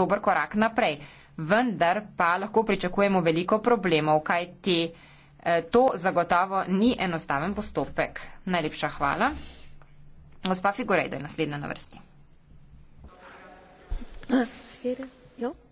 dober korak naprej. Vendar pa lahko pričakujemo veliko problemov, kaj ti eh, to zagotovo ni enostaven postopek. Najlepša hvala. Gospa Figurejdo je naslednja na vrsti. Ja, Figurejdo.